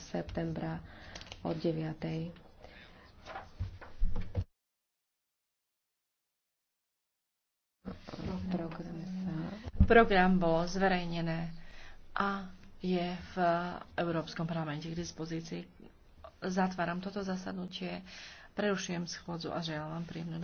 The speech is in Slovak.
septembra od 9. Program, sa... Program zverejnené a je v Európskom parlamente k dispozícii. Zatváram toto zasadnutie, prerušujem schôdzu a želám vám príjemnú